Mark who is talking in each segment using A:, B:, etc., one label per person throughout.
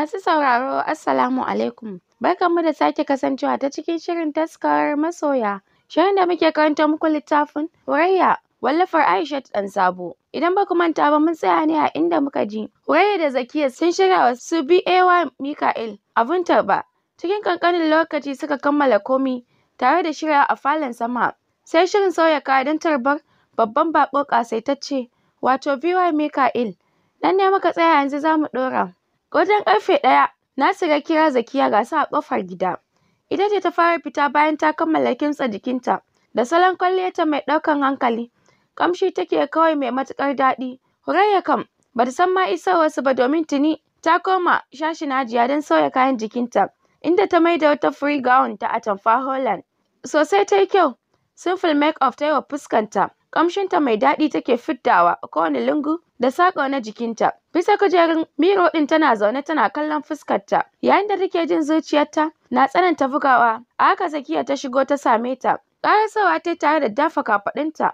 A: Masu sauraro Assalamu alaikum. Barkanmu da sake kasancewa ta cikin shirin taskar masoya. Shirin da muke karanta muku littafin Hurayya wallafar Aisha ɗan sabo. Idan ba ku manta ba mun tsaya ne a inda muka ji. Hurayya da Zakiya sun shirya wa su BAY Mika'il abin tarba. Cikin kankanin lokaci suka kammala komi tare da shirya a falon sama. Sai shirin sauya kaya don tarbar babban bako kasaitacce wato BY Mika'il. Nan ne muka tsaya yanzu za mu ɗora. Wajen ƙarfe ɗaya Nasir ya kira Zakiya Gasa a kofar gida. Ita ce ta fara fita bayan ta kammala kintsa jikinta da salon kwalliyarta mai ɗaukan hankali. Ƙamshi take kawai mai matuƙar daɗi. Huraiya kam ba ta san ma wasu ba domin tuni ta koma shashin Hajiya don sauya kayan jikinta, inda ta maida wata free gown ta atamfa Holland. Sosai ta yi kyau, simple make-up ta yi wa fuskanta. Ƙamshinta mai daɗi take fiddawa a kowane lungu da saƙo na jikinta. Bisa kujerun miro ɗin tana zaune tana kallon fuskarta, yayin da take jin zuciyarta na tsananta bugawa. A haka Zakiya ta shigo ta same ta. Ƙarasawa ta tare da dafa kafaɗinta,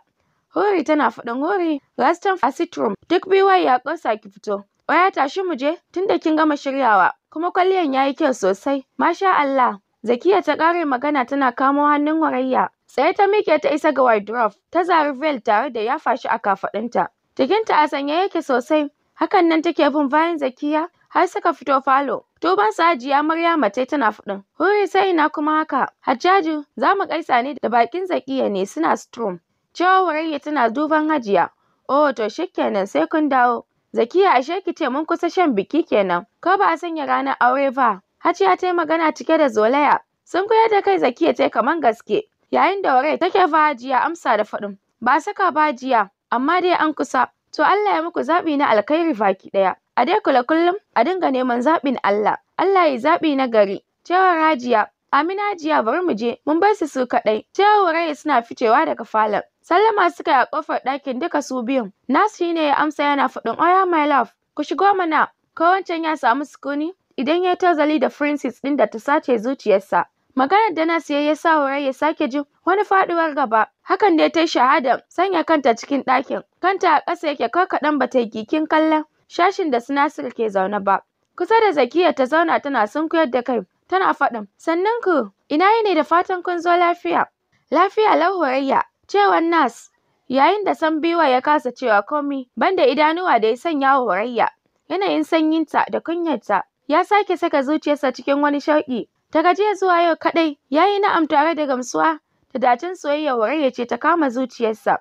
A: Hori tana faɗin hori. Rastan a duk biyu ya ƙosa ki fito. Waya tashi mu je da kin gama shiryawa, kuma kwalliyan yi kyau sosai. Masha Allah. Zakiya ta ƙare magana tana kamo hannun warayya. Tsaye ta miƙe ta isa ga wardrobe, ta zari veil tare da yafa shi a kafaɗunta. Jikinta a sanye yake sosai, hakan nan take bin bayan Zakiya har suka fito falo. tuban sa Hajiya marya mace tana faɗin, "Huri sai ina kuma haka, Hajjaju za mu gaisa ne da bakin Zakiya ne suna strom." Cewa wurare tana duban Hajiya, "Oh to shikenan sai kun dawo." Zakiya ashe ki ce mun kusa shan biki kenan, ko ba a sanya ranar aure ba. Hajiya ta yi magana cike da zolaya, sun koyar da kai Zakiya ta yi kaman gaske. Yayin da warai take ba jiya, amsa da faɗin “Ba saka ba jiya, amma dai an kusa, to Allah ya muku zaɓi na alkhairi baki ɗaya, a dai kula kullum a dinga neman zaɓin Allah, Allah yi zaɓi na gari.” Cewar Hajiya amina Hajiya bari mu je, mun bar su su kaɗai.” Cewar warai suna ficewa daga falon. Sallama suka yi a ƙofar ɗakin duka su biyun. Nas shi ne ya amsa yana faɗin “oya my love, ku shigo mana, ko wancan ya samu sukuni?” idan ya yi tozali da Princess ɗin da ta sace zuciyarsa. Maganar da Nas ya ya sa ya sake jin wani faɗuwar gaba, hakan dai ta yi shahada sanya kanta cikin ɗakin, kanta a ƙasa yake kawai kaɗan ba ta yi kikin kallon sashin da su Nasiru ke zaune ba. Kusa da Zakiya ta zauna tana sunkuyar da kai, tana faɗin, sannan ku, ina yini da fatan kun zo lafiya? Lafiya lau horaiya. cewar Nas, yayin da Sambiwa ya kasa cewa komi, banda idanuwa da ya sanya wa Horaiyya. Yanayin sanyinta da kunyarta ya sake saka zuciyarsa cikin wani shauƙi Daga jiya zuwa yau kaɗai ya yi na'am tare da gamsuwa da dacen soyayyar Warayya ce ta kama zuciyarsa.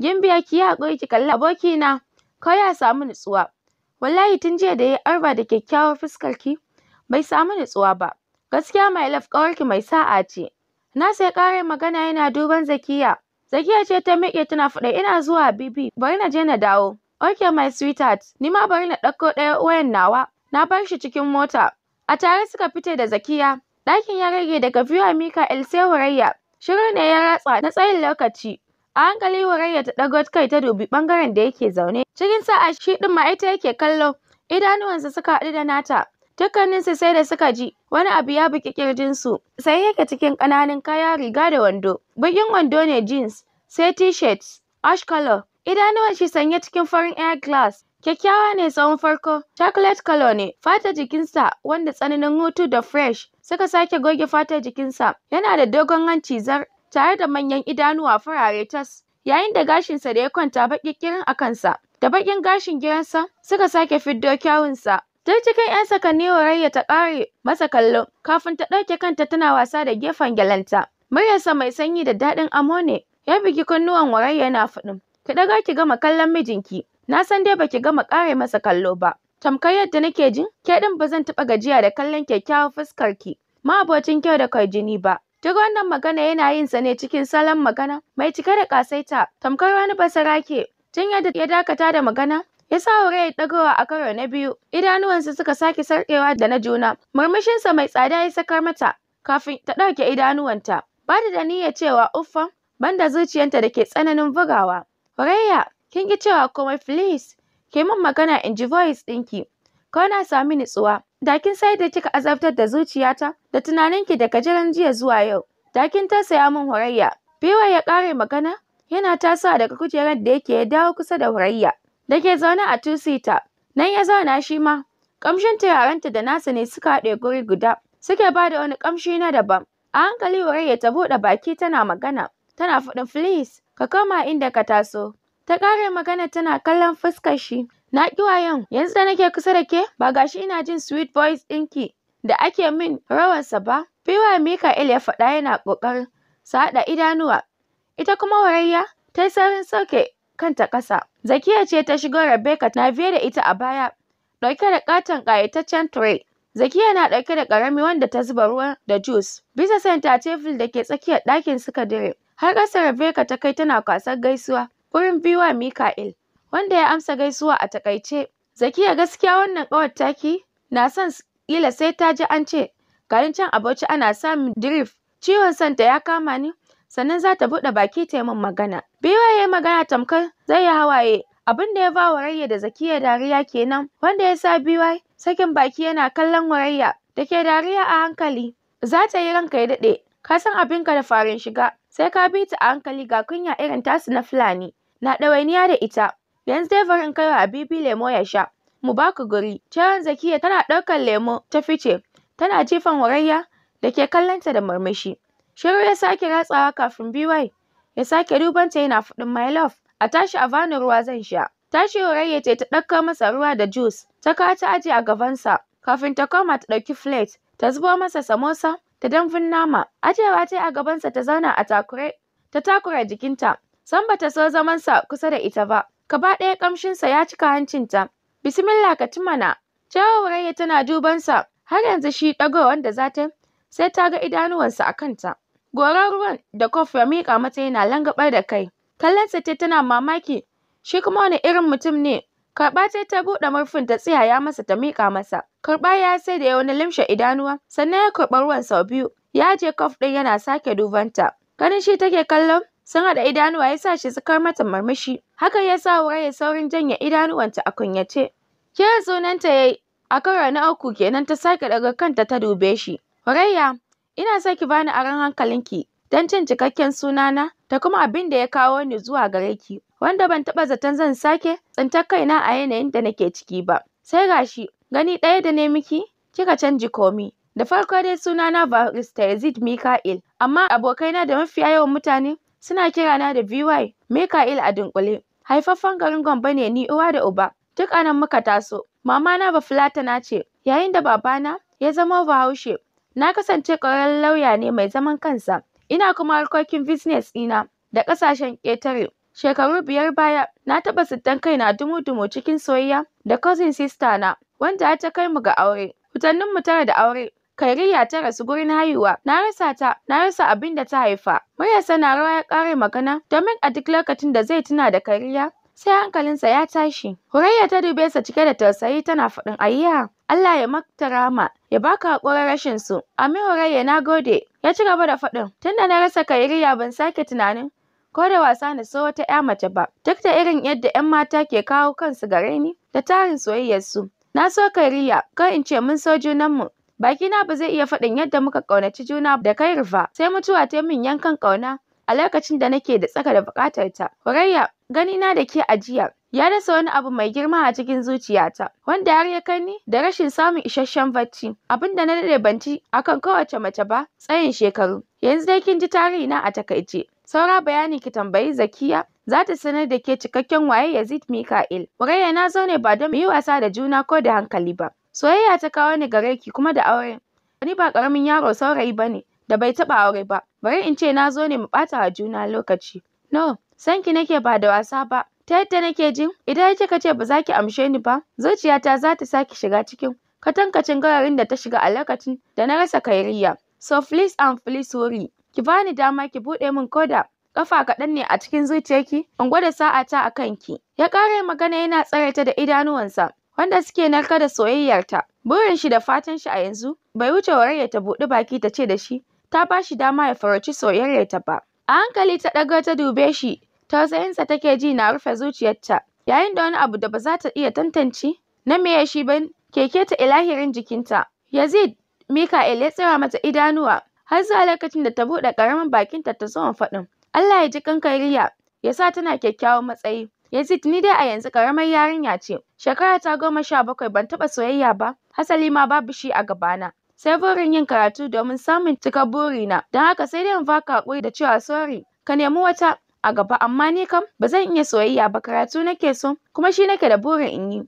A: Gimbiya ki yi haƙuri ki kalli abokina kawai ya samu nutsuwa. Wallahi tun jiya da ya yi arba da kyakkyawar fuskarki bai samu nutsuwa ba. Gaskiya my love ƙawarki mai sa'a ce. Na ya ƙara magana yana duban Zakiya. Zakiya ce ta miƙe tana faɗa ina zuwa Bibi bari na je na dawo. Okay my sweetheart ni ma bari na ɗauko ɗaya wayan nawa. Na bar shi cikin mota. A tare suka fita da Zakiya Ɗakin ya rage daga Viewer Michael sai Horeiya, Shirun ne ya ratsa na tsayin lokaci. A hankali Horeiya ta ɗago kai ta dubi ɓangaren da yake zaune. Cikin sa'a shi ɗin ma yake kallo, idanuwansa suka haɗu da nata. Dukkaninsu sai da suka ji wani abu ya bugi ƙirjinsu. Sai yake cikin ƙananan kaya riga da wando. Bugin wando ne jeans sai t-shirt ash color. Idanuwan shi sanye cikin farin air glass. Kyakkyawa ne tsawon farko, chocolate color ne, fatar jikinsa wanda tsananin hutu da fresh suka sake goge fatar jikinsa, yana da dogon hanci zar tare da manyan idanuwa farare tas, yayin da gashinsa da ya kwanta baƙi ƙirin a kansa, da baƙin gashin giransa suka sake fiddo kyawunsa. Duk cikin 'yan sakanni Horayya ta ƙare masa kallo kafin ta ɗauke kanta tana wasa da gefen gyalenta. Muryarsa mai sanyi da daɗin amo ne ya bugi kunnuwan warayya yana faɗin, ki ɗaga ki gama kallon mijinki. Na san dai baki gama ƙare masa kallo ba. Tamkar yadda nake jin, ke ɗin ba zan taɓa gajiya da kallon kyakkyawar fuskarki, ma'abocin kyau da jini ba. Duk wannan magana yana yin sa ne cikin salon magana mai cike da ƙasaita, tamkar wani basarake. Tun yadda ya dakata da magana, ya sa ya ɗagowa a karo na biyu, idanuwansa suka sake sarƙewa da na juna. Murmushinsa mai tsada ya sakar mata, kafin ta ɗauke idanuwanta. Ba da niyyar cewa uffam, banda zuciyanta da ke tsananin bugawa. Hurayya, kin ki cewa komai please Ke min magana in ji voice ɗinki ko na sami nutsuwa da kin sai da kika azabtar da zuciyata da tunaninki daga jiran jiya zuwa yau da kin saya min horayya biwa ya kare magana yana tasowa daga kujerar da yake ya dawo kusa da horayya Dake ke zaune a seater nan ya zauna shi ma ƙamshin turarenta da nasa ne suka haɗe guri guda suke ba da wani ƙamshi na daban a hankali horayya ta buɗe baki tana magana tana faɗin please ka koma inda ka taso Ta ƙare magana tana kallon fuskar shi. Na ƙi wayon, yanzu da nake kusa da ke, ba gashi ina jin sweet voice ɗinki da ake min rawarsa ba. Fiwa Mikael ya faɗa yana ƙoƙarin su idanuwa. Ita kuma Warayya ta yi saurin sauke kanta ƙasa. Zakiya ce ta shigo Rebecca na biye da ita a baya, ɗauke da ƙaton ƙayataccen tire. Zakiya na ɗauke da ƙarami wanda ta zuba ruwa da juice. Bisa santa table da ke tsakiyar ɗakin suka dire. Har ƙasa Rebecca ta kai tana kwasar gaisuwa. wurin biwa, Mika'il, wanda ya amsa gaisuwa a takaice “Zakiya gaskiya wannan ƙawar taki na son kila sai ta ji an ce, Garin can a Bauchi ana samun Drif, ciwon santa ya kama ni, sannan za ta buɗe baki ta magana.” biwa ya yi magana tamkar zai yi hawaye, abin da ya ba Warayya da Zakiya dariya kenan, wanda ya sa biwa sakin baki yana kallon Warayya da ke dariya a hankali. Za ta yi ranka ya daɗe, ka san abinka da farin shiga, sai ka bi ta a hankali ga kunya irin tasu na Fulani. na ɗawainiya da ita, yanzu dai bari in wa Habibi lemo ya sha, mu baka guri. Jaran Zakiya tana ɗaukan lemo ta fice, tana jifan Hurayya da ke kallonta da murmushi. Shiru ya sake ratsawa kafin BY ya sake ta yana faɗin my love, a tashi a bani ruwa zan sha. Tashi ce ta ɗauka masa ruwa da juice, ta kawo ta aje a sa, kafin ta koma ta ɗauki plate, ta zubo masa samosa da dambun nama. Ajewa ta yi a gabansa ta zauna a takure, ta takura jikinta. San bata so zaman sa kusa da ita ba Kaba ɗaya ƙamshinsa ya cika hancin ta. bismillah ka ci mana jawo tana duban sa har yanzu shi ɗago wanda za ta sai ta ga idanuwansa a kanta goran ruwan da kof ya miƙa mata yana langaɓar da kai kallonsa ta tana mamaki shi kuma wani irin mutum ne karɓa ta ta buɗe murfin ta tsiyaya masa ta miƙa masa karɓa ya sai da ya wani limshe idanuwa sannan ya karɓa ruwan sau biyu ya je kof ɗin yana sake dubanta ganin shi take kallon sun haɗa idanuwa ya sa shi sakar mata murmushi hakan ya sa ya saurin janye idanuwanta a kunyace kiran sunanta yayi a karo na uku kenan ta sake daga kanta ta dube shi Horayya, ina so ki bani aron hankalinki don cin cikakken sunana ta kuma abin da ya kawo ni zuwa gare ki wanda ban taɓa zaton zan sake tsintar kaina a yanayin da nake ciki ba sai gashi gani ɗaya da ne miki kika canji komi da farko dai sunana ba Mr. Yazid Mika'il amma abokaina da mafiya yawan mutane suna kirana da VY Mikael a dunƙule. Haifaffen garin Gombe ne ni uwa da uba, duk a nan muka taso. Mamana Bafulatana ce, yayin da babana ya zama Bahaushe. Na kasance ƙwararren lauya ne mai zaman kansa, ina kuma harkokin business ɗina da ƙasashen ƙetare. Shekaru biyar baya, na taɓa sittan kaina dumu-dumu cikin soyayya da cousin sister na, wanda har ta kai mu ga aure. Watannin mu tara da aure, Kairiyya ta rasu gurin haihuwa. Na rasa ta, na rasa abin da ta haifa. Muryarsa na rawa ya ƙare magana domin a duk lokacin da zai tuna da Khairiyya sai hankalinsa ya tashi. Hurayya ta dube sa cike da tausayi tana faɗin ayya. Allah ya makta rahama, ya baka haƙurin rashin su. Amin Hurayya na gode. Ya ci gaba da faɗin, tunda na rasa kairiyya ban sake tunanin ko da wasa na so wata ‘ya mace ba, duk da irin yadda ‘yan mata ke kawo kansu gare ni da tarin soyayyarsu. Na so kairiyya, kar in ce mun so junanmu, Bakina ba zai iya faɗin yadda muka ƙaunaci juna da kai Rufa sai mutuwa ta min yankan ƙauna a lokacin da nake da tsaka da buƙatar ta. gani na da ke a jiya ya rasa wani abu mai girma a cikin zuciya ta. wanda har ya kai ni da rashin samun isasshen bacci, abin da na daɗe ban ci akan kowace mace ba tsayin shekaru. Yanzu dai kin ji tarihi na a takaice. Saura bayanin ki tambayi Zakiya, za ta sanar da ke cikakken waye Yazid Mika'il. Hurayya na zo ne ba don mu yi wasa da juna ko da hankali ba. Soyayya ta kawo ni gare ki kuma da auren. Wani ba karamin yaro saurayi ba ne da bai taba aure ba. Bari in ce na zo ne mu bata wa juna lokaci. No, san ki nake ba da wasa ba. Ta yadda nake jin idan kika ce ba za ki amshe ni ba, zuciyata za ta sake shiga cikin katankacin gararin da ta shiga a lokacin da na rasa kairiya. So please and please sorry Ki bani dama ki buɗe min koda kafa kaɗan ne a cikin zuciyarki in gwada sa'a ta a kanki. Ya ƙara magana yana tsare ta da idanuwansa. wanda suke narka da soyayyarta. Burin shi da fatan shi a yanzu bai wuce Warayya ta buɗi baki ta ce da shi ta ba shi dama ya farauci ta ba. A hankali ta ɗaga ta dube shi, tausayinsa take ji na rufe zuciyarta, yayin da wani abu da ba za ta iya tantance na meye shi ba keke ta ilahirin jikinta. Yazid Mika'il ya tsira mata idanuwa har zuwa lokacin da ta buɗe ƙaramin bakinta ta zo faɗin. Allah ya ji kankan riya, ya sa tana kyakkyawan matsayi. Yazid ni dai a yanzu ƙaramar yarinya ce, Shekara ta goma sha bakwai ban taɓa soyayya ba, hasali ma babu shi a gabana. Sai burin yin karatu domin samun cika burina, don haka sai dai in baka haƙuri da cewa sorry, ka nemi wata a gaba amma ni kam ba zan iya soyayya ba karatu nake so kuma shi nake da burin in yi.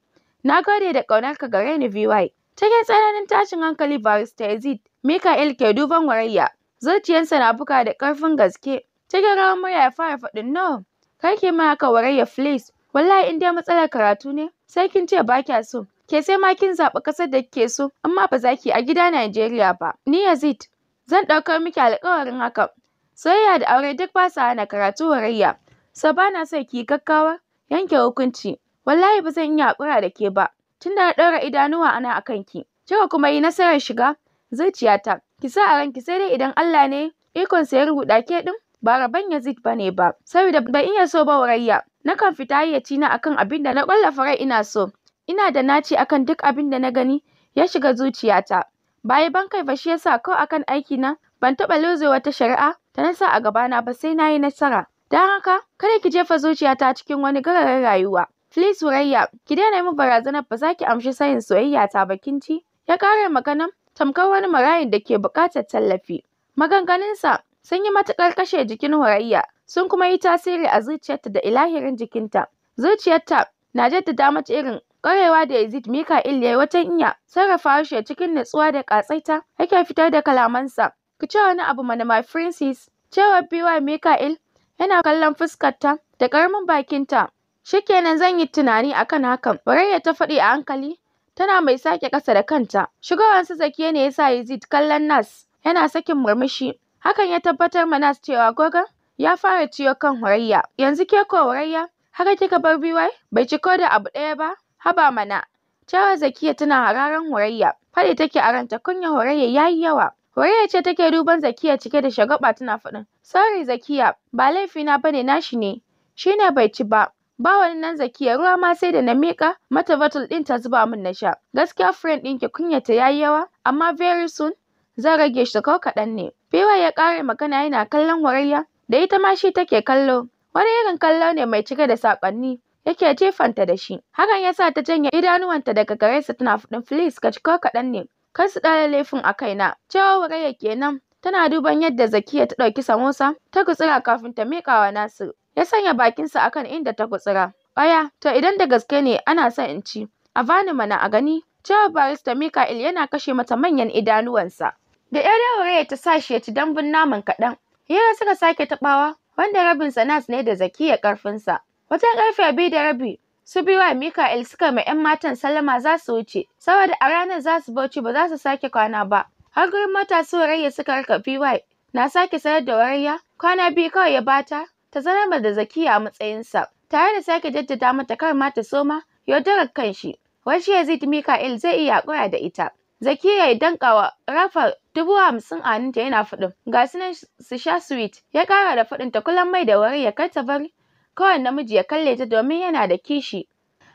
A: Na gode da ƙaunar ka gare ni VY. Cikin tsananin tashin hankali barista Yazid, Mikael ke duban warayya, zuciyarsa na buga da ƙarfin gaske. Cikin rawar murya ya fara faɗin no, kar ki min haka Warayya please wallahi in dai matsalar karatu ne sai kin ce ba kya so ke sai ma kin zaɓi ƙasar da kike so amma ba za ki a gida Najeriya ba ni Yazid zan ɗaukar miki alƙawarin haka soyayya da aure duk ba sa hana karatu Warayya so ba na so ki yi gaggawa yanke hukunci wallahi ba zan iya haƙura da ke ba tunda na ɗaura idanuwa ana a kanki kika kuma yi nasarar shiga zuciyata ki sa a ranki sai dai idan Allah ne ikon ya rubuta ke ɗin ba rabon Yazid bane ba saboda ban iya so ba warayya nakan fita hayyaci na akan abin da na kwallafa rai ina so ina da naci akan duk abin da na gani ya shiga zuciyata baya ban kai ba shi yasa ko akan aiki na ban taɓa loze wata shari'a ta nasa sa a gabana ba sai na yi nasara Dan haka kada ki jefa zuciyata cikin wani gararin rayuwa Please wurayya. ki daina yin barazanar ba za ki amshi sayin soyayya ta bakin ci. Ya kare maganan tamkar wani marayin da ke buƙatar tallafi. Maganganunsa sun yi matuƙar kashe jikin Horayya sun kuma yi tasiri a zuciyarta da ilahirin jikinta. Zuciyarta na jaddada mata irin ƙwarewa da Yazid Mika'il ya yi wata iya sarrafa harshe cikin natsuwa da ƙatsaita. yake fitar da kalamansa. Ku ce wani abu mana my princess, cewar BY Mika'il yana kallon fuskarta da ƙaramin bakinta. Shikenan zan yi tunani akan hakan. Horayya ta faɗi a hankali tana mai sake ƙasa da kanta. su Zakiya ne ya sa Yazid kallon Nas yana sakin murmushi Hakan ya tabbatar ma Nas cewa Gogon ya fara ciyo kan Horayya. Yanzu ke ko Horayya, haka kika bar BY? Bai ci ko da abu ɗaya ba? Haba mana. cewa Zakiya tana hararan Horayya. Faɗi take a ranta kunya Horayya yi yawa. Horayya ce take duban Zakiya cike da shagwaba tana faɗin. Sorry Zakiya, ba laifina ba ne, nashi ne. Shi ne bai ci ba. Ba wani nan Zakiya ruwa ma sai da na miƙa mata bottle ɗin ta zuba min na sha. Gaskiya friend ɗinki kunyata yi yawa, amma very soon zan rage shi ko kaɗan ne. Fewa ya ƙare magana yana kallon Warayya da ita ma shi take kallo. Wani irin kallo ne mai cike da saƙonni yake jefanta da shi. Hakan ya sa ta janye idanuwanta daga gare su tana faɗin please ka ci ko kaɗan ne. Kar su ɗaura laifin a kaina. Cewa Warayya kenan tana duban yadda Zakiya ta ɗauki samosa ta gutsira kafin ta miƙa wa Nasir. Ya sanya bakinsa akan inda ta gutsira. Oya, to idan da gaske ne ana son in ci, a bani mana a gani. Cewa Barista Mika'il yana kashe mata manyan idanuwansa. Da ƴar ya ta sa shi ya ci dambun naman kaɗan. Hira suka sake taɓawa, wanda rabin Nas ne da Zakiya ƙarfinsa. Wajen ƙarfe biyu da rabi, su biyu wa Mika'il suka ma ‘yan matan Salama za su wuce, saboda a ranar za su bauchi ba za su sake kwana ba. Har gurin matasu Warayya suka rika BY na sake sayar da Warayya, kwana biyu kawai ya bata, ta zama da Zakiya a matsayinsa. Tare da sake jaddada mata kar ma ta soma yaudarar kan shi. Wai shi Yazid Mika'il zai iya haƙura da ita. Zakiya ya wa Rafa dubu hamsin a hannunta yana faɗin ga su nan su sha sweet. Ya ƙara da faɗin ta kulan mai da ya kai ta bari kawai namiji ya kalle ta domin yana da kishi.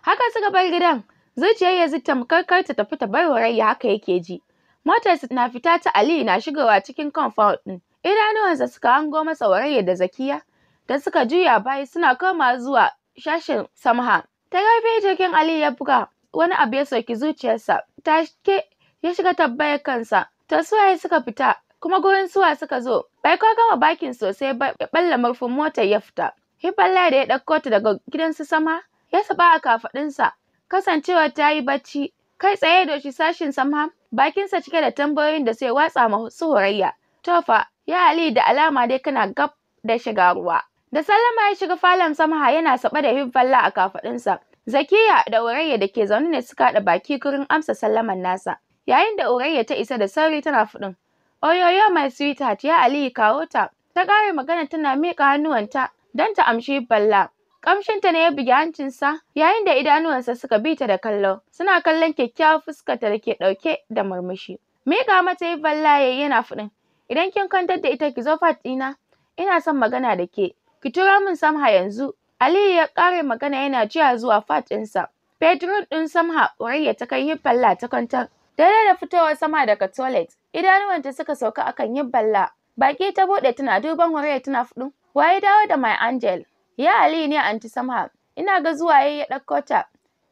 A: Haka suka bar gidan zuciyar ya zita makarkar ta tafi ta bar warayya haka yake ji. su na fita ta Aliyu na shigowa cikin compound ɗin. Idanuwansa suka hango masa warayya da Zakiya da suka juya baya suna koma zuwa sashin Samha. Ta rufe jikin ali ya buga wani abu ya soki zuciyarsa. ke. ya shiga tabbayar kansa to suwaye suka fita kuma gurin suwa suka zo bai kwa gama bakin sosai ba ya balla murfin motar ya fita hiballa da ya ɗauko ta daga gidan su sama ya saba a kafaɗinsa Kasancewa ta yi bacci kai tsaye da shi sashin sama bakinsa cike da tambayoyin da sai watsa ma su horayya tofa ya ali da alama dai kana gab da shiga ruwa da sallama ya shiga falon sama yana saba da hiballa a kafaɗinsa zakiya da wurayya da ke zaune ne suka haɗa baki gurin amsa sallaman nasa Yayin da Urayya ta isa da sauri tana faɗin Oyoyo oh, my sweetheart ya Aliyu kawo ta. Ta ƙare magana tana miƙa hannuwanta don ta amshi balla. Kamshinta ne ya bugi hancinsa yayin da idanuwansa suka bi ta da kallo. Suna kallon kyakkyawar fuskarta da ke ɗauke da murmushi. Miƙa mata yi yayi yana faɗin, idan kin kwantar da ita ki zo fat ɗina, ina son magana da ke. Ki tura min Samha yanzu. Aliyu ya ƙare magana yana jiya zuwa fat ɗinsa. Bedroom ɗin Samha urayya ta kai yi ta kwantar. Dare da fitowar sama daga toilet, idanuwanta suka sauka akan yin balla. Baki ta bude tana duban Hurairu tana fudu waye dawo da my angel? Ya Ali ne anti Samha, ina ga zuwa yayi ya ɗauko ta.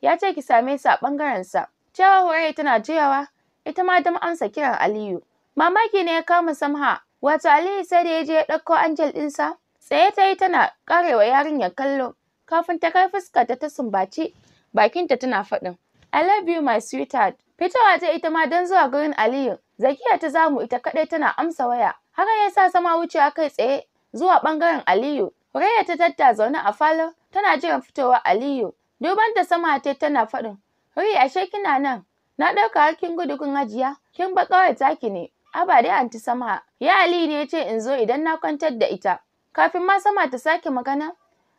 A: Ya ce ki same sa a sa. Cewa Hurairu tana jiyawa, ita ma ta amsa kiran Aliyu. Mamaki ne ya kama Samha, wato Aliyu sai da yaje je ya ɗauko angel ɗinsa. Tsaye ta yi tana karewa yarinyar kallo, kafin ta kai fuskarta ta sumbaci bakinta tana faɗin, I love you my sweetheart. Fitowa ta ita ma don zuwa gurin Aliyu. Zakiya ta zamu ita kaɗai tana amsa waya. Hakan ya sa sama wucewa kai tsaye zuwa ɓangaren Aliyu. Huraiya ta tatta zaune a falon tana jiran fitowa Aliyu. Duban ta sama ta tana faɗin. Huri ashe kina nan. Na ɗauka har kin gudu kun hajiya. Kin ba kawai taki ne. Aba dai anti sama. Ya Aliyu ne ya ce in zo idan na kwantar da ita. Kafin ma sama ta sake magana.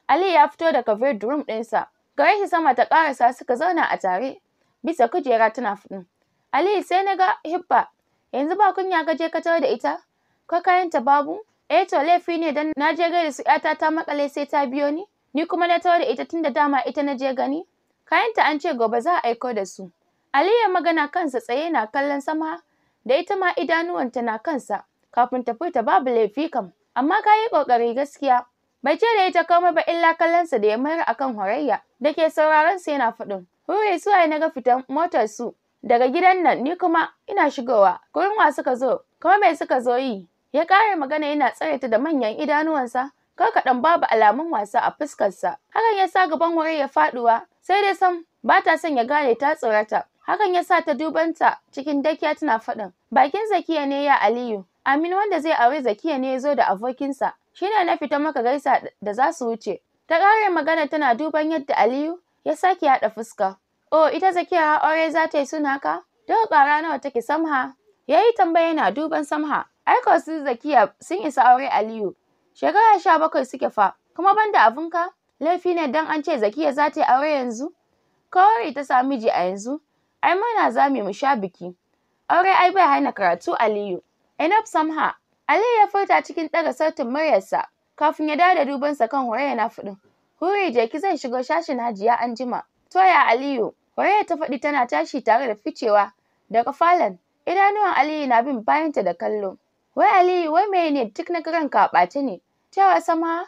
A: Aliyu ya fito daga bedroom ɗinsa. Gare shi sama ta ƙarasa suka zauna a tare. bisa kujera tana faɗin Aliyu sai na ga Hibba yanzu ba kunya ka je ka tarar da ita ko kayanta babu eh to laifi ne dan na je da su yata ta makale sai ta biyo ni ni kuma na tarar da ita tunda dama ita na je gani kayanta an ce gobe za a aiko da su Aliyu magana kansa tsaye na kallon sama da ita ma idanuwanta na kansa kafin ta furta babu laifi kam amma ka yi ƙoƙari gaskiya bai ce da ita komai ba illa kallonsa da ya mayar akan horayya Dake sauraron sa yana faɗin Huye su waye na ga fitan motar su daga gidan nan ni kuma ina shigowa. Gurin wa suka zo? Kuma me suka zo yi? Ya ƙara magana yana tsare ta da manyan idanuwansa. Ko kaɗan babu alamun wasa a fuskarsa. Hakan ya sa gaban wuri ya faɗuwa. Sai dai sam ba ta son ya gane ta tsorata. Hakan ya sa ta dubanta cikin dakiya tana faɗin. Bakin Zakiya ne ya Aliyu. Aminu wanda zai aure Zakiya ne ya zo da abokinsa. Shi ne na fita maka gaisa da za su wuce. Ta ƙara magana tana duban yadda Aliyu ya sake haɗa fuska oh ita zakiya aure za ta yi suna ka don ƙara nawa take samha ya yi tambaya na duban samha aiko su zakiya sun isa aure aliyu shekara sha bakwai suke fa kuma banda abun ka laifi ne don an ce zakiya za ta yi aure yanzu kawai ta sa miji a yanzu ai mana za mu sha biki aure ai bai haina karatu aliyu enough samha aliyu ya furta cikin ɗaga sautin muryarsa kafin ya dawo da dubansa kan huraina na fudin. Huri jeki zan shigo shashin Hajiya anjima. Toya Aliyu, Horeya ta faɗi tana tashi tare da ficewa daga falon. Idanuwan Aliyu na bin bayanta da kallo. Wai Aliyu, wai me ne duk na garan ka ɓace ne? Cewa sama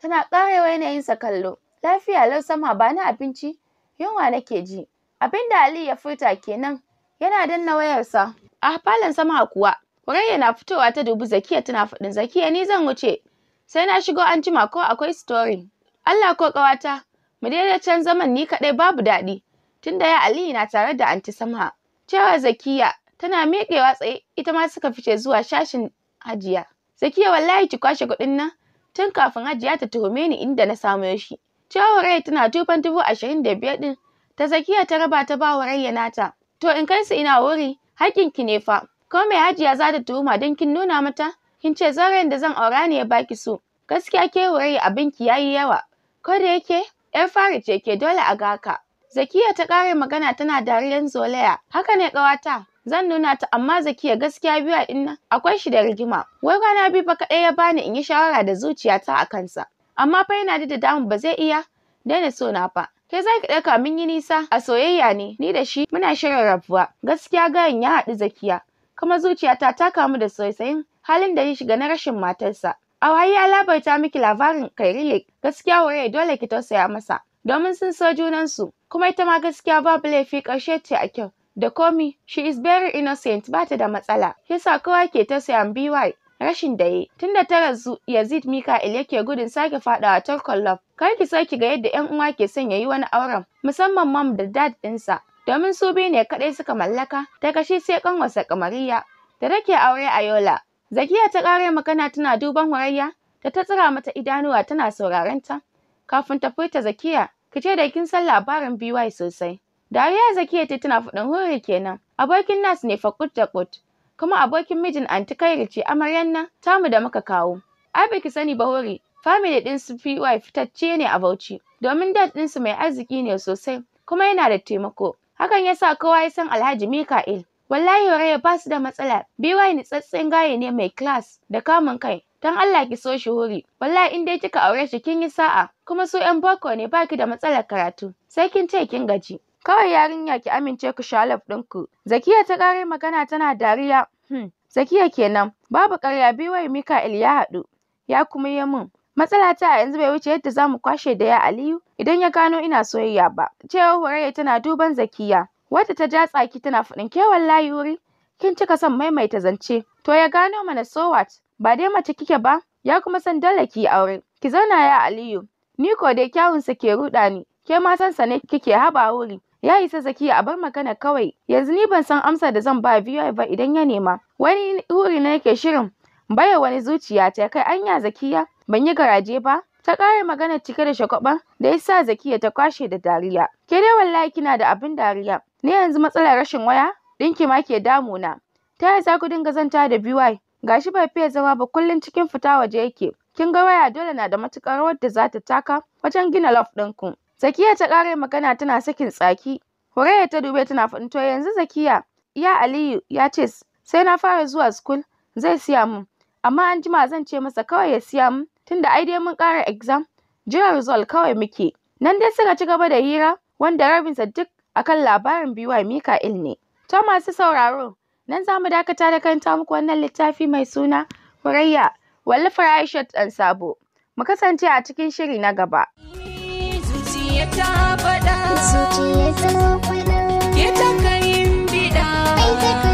A: tana ƙarewa sa kallo. Lafiya lau sama ba ni abinci, yunwa nake ji. Abinda Aliyu ya furta kenan, yana danna wayarsa. A falon sama kuwa, Horeya na fitowa ta dubi Zakiya tana faɗin Zakiya ni zan wuce. Sai na shigo anjima ko akwai story. Allah ko ƙawata mu daina can zaman ni kaɗai babu daɗi tunda ya Aliyu na tare da anti Samha cewa Zakiya tana miƙewa tsaye ita ma suka fice zuwa shashin Hajiya Zakiya wallahi ki kwashe kuɗin nan tun kafin Hajiya ta tuhume ni inda na samo shi cewa Rayya tana tufan dubu ashirin da biyar ɗin ta Zakiya ta raba ta ba wa nata to in kai su ina wuri ki ne fa ko mai Hajiya za ta tuhuma don kin nuna mata kin ce zaren da zan aura ne ya baki so gaskiya ke Rayya abinki yayi yawa ko yake ‘yar fari ce dole a ga ka. Zakiya ta ƙare magana tana dariyar zolaya. Haka ne ƙawata, zan nuna ta amma Zakiya gaskiya biyu a inna akwai shi da rigima. Wai kwana biyu ba kaɗai ya bani in yi shawara da zuciyata a kansa. Amma fa yana da damu ba zai iya daina so na fa. Kai za ki ɗauka mun yi nisa a soyayya ne ni da shi muna shirin rabuwa. Gaskiya gayan ya haɗu Zakiya. Kuma zuciyata ta kamu da sosai halin da ya shiga na rashin matarsa. A waye ya labarta miki labarin Kairile, gaskiya wuri dole ki tausaya masa, domin sun so junansu, kuma ita ma gaskiya babu laifi karshe ce a kyau. Da komi, she is very innocent, ba ta da matsala, yasa kowa ke tausayan BY. Rashin da yi, tunda ta rasu Yazid Mika'il yake gudun sake faɗawa tarkon love. Kar ki so ki ga yadda 'yan uwa ke son yayi wani auren, musamman mom da dad ɗinsa. domin su biyu ne kaɗai suka mallaka, daga shi sai ƙanwarsa Kamariya, da take aure a Yola. Zakiya ta ƙara magana tana duban Warayya da ta tsira mata idanuwa tana sauraron ta. Kafin ta furta Zakiya, ki ce da kin san labarin BY sosai. Dariya Zakiya ta tana faɗin hurri kenan. Abokin nas ne fa da kut. Kuma abokin mijin anti Kairi ce amaryan nan tamu da muka kawo. Ai ba ki sani ba hurri, family ɗin su BY fitacce ne a Bauchi. Domin dad ɗinsu mai arziki ne sosai kuma yana da taimako. Hakan ya sa kowa ya san Alhaji Mika'il. Wallahi Horaya ba su da matsala. BY nitsatsen gaye ne mai class da kamun kai. Don Allah ki so shi huri. Wallahi in dai kika aure shi kin yi sa'a. Kuma su 'yan boko ne ba ki da matsalar karatu. Sai kin ce kin gaji. Kawai yarinya ki amince ku shalaf ku. Zakiya ta ƙare magana tana dariya. Hmm. Zakiya kenan. Babu ƙarya BY Mika'il ya haɗu. Ya kuma yi min. Matsala ta a yanzu bai wuce yadda za mu kwashe da ya Aliyu idan ya gano ina soyayya ba. Cewa Horaya tana duban Zakiya. Wata ta ja tsaki tana faɗin ke wallahi wuri kin cika son maimaita zance. To ya gano mana so what? Ba dai mace kike ba, ya kuma san dole ki yi aure. Ki zauna ya Aliyu, ni ko dai kyawunsa ke ruɗa ni, ke ma san sa ne kike haba wuri. Ya isa Zakiya a bar magana kawai, yanzu ni ban san amsa da zan ba biyo ba idan ya nema. Wani wuri ne yake shirin baya wani zuciya ta kai anya Zakiya ban yi garaje ba. ta ƙara magana cike da shakwaɓa da ya sa Zakiya ta kwashe da dariya. Ke dai wallahi kina da abin dariya, Ni yanzu matsalar rashin waya ɗinki ma ke na. Ta yaya za ku dinga zanta da BY? Ga shi bai fiye zama ba kullum cikin fita waje yake. Kin ga waya dole na da matuƙar rawar da za ta taka wajen gina love ɗinku. Zakiya ta ƙare magana tana sakin tsaki. ya ta dube tana faɗin to yanzu Zakiya iya Aliyu ya ce sai na fara zuwa school zai siya mun. Amma an jima zan ce masa kawai ya siya mun? tunda ai dai mun ƙara exam. jiran result kawai muke. Nan dai suka ci gaba da hira wanda rabinsa duk akan labarin BY Mika'il ne. To masu sauraro, nan za mu dakata da kanta muku wannan littafi mai suna Furayya, wallafar Aisha ɗan sabo. Mu kasance a cikin shiri na gaba. Zuciya ta faɗa. Zuciya ta faɗa.